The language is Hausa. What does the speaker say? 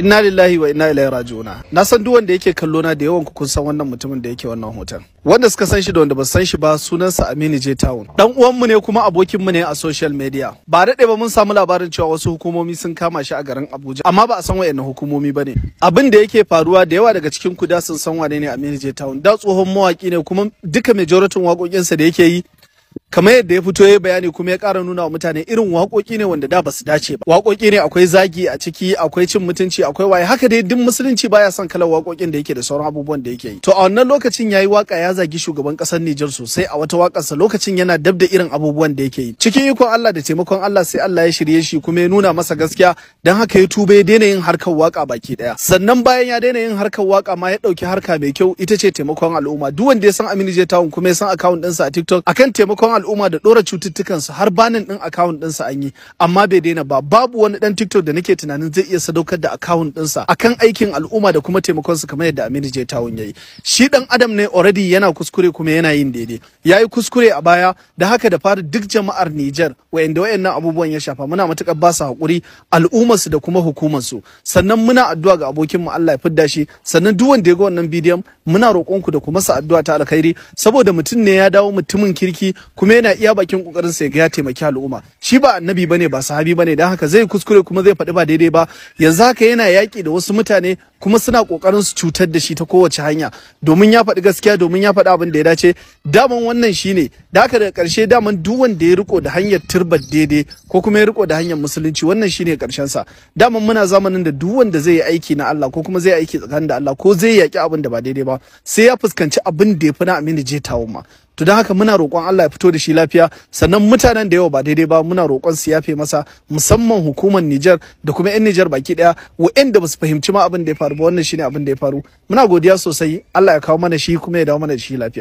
inna lillahi wa inna ilaihi raji'una na san duk wanda yake kallo na da yawan ku kun san wannan mutumin da yake wannan hoton wanda suka san shi da wanda ba san shi ba sunansa Aminu J Town dan uwan mu ne kuma abokin mu ne a social media ba dade ba mun samu labarin cewa wasu hukumomi sun kama shi a garin Abuja amma ba a san wayannan hukumomi bane abin da yake faruwa da yawa daga cikin ku da sun san wane ne Aminu J Town da tsohon mawaki ne kuma duka majoritin sa da yake yi kamar yadda ya fito ya bayani kuma ya kara nuna wa mutane irin wakoki ne wanda da ba su dace ba waƙoƙi ne akwai zagi a ciki akwai cin mutunci akwai waye haka dai duk musulunci baya son kalar wakokin da yake da sauran abubuwan da yake yi to a wannan lokacin yayi waka ya zagi shugaban ƙasar Nijar sosai a wata waƙarsa lokacin yana dab da irin abubuwan da yake yi cikin ikon Allah da taimakon Allah sai Allah ya shirye shi kuma ya nuna masa gaskiya dan haka ya tuba ya daina yin harkar waka baki daya sannan bayan ya daina yin harkar waka ma ya dauki harka mai kyau ita ce taimakon al'umma duk wanda ya san Aminu Jetawun kuma ya san account ɗinsa a TikTok akan taimakon al'umma da ɗora su. har banin ɗin akawun ɗinsa an yi amma bai daina ba babu wani dan tiktok da nake tunanin zai iya sadaukar da akawun ɗinsa akan aikin al'umma da kuma taimakon su kamar yadda Aminu J Tawun ya yi shi dan adam ne already yana kuskure kuma yana yin daidai ya yi kuskure a baya da haka da fara duk jama'ar Nijar wayanda wayannan abubuwan ya shafa muna matukar ba su al'umma su da kuma hukumarsu sannan muna addu'a ga abokin mu Allah ya fidda shi sannan duk wanda ya ga wannan bidiyon muna roƙonku da kuma sa addu'a ta alkhairi saboda mutum ne ya dawo mutumin kirki kuma kuma yana iya bakin kokarin sa ya taimaki al'umma shi ba annabi bane ba sahabi bane dan haka zai kuskure kuma zai fadi ba daidai ba yanzu haka yana yaki da wasu mutane kuma suna kokarin su cutar da shi ta kowace hanya domin ya faɗi gaskiya domin ya faɗi abin da ya dace daman wannan shine da haka daga karshe daman duk wanda ya riko da hanyar turbar daidai ko kuma ya riko da hanyar musulunci wannan shine ƙarshen sa daman muna zamanin da duk wanda zai yi aiki na Allah ko kuma zai aiki tsakanin da Allah ko zai yaki abin da ba daidai ba sai ya fuskanci abin da ya fi na je Jetawun ma to don haka muna roƙon Allah ya fito da shi lafiya sannan mutanen da yawa ba daidai ba muna roƙon su yafe masa musamman hukumar Nijar da kuma 'yan Nijar baki ɗaya wa'anda ba su fahimci ma abin da ya faru ba wannan shine abin da ya faru muna godiya sosai Allah ya kawo mana shi kuma ya dawo mana da shi lafiya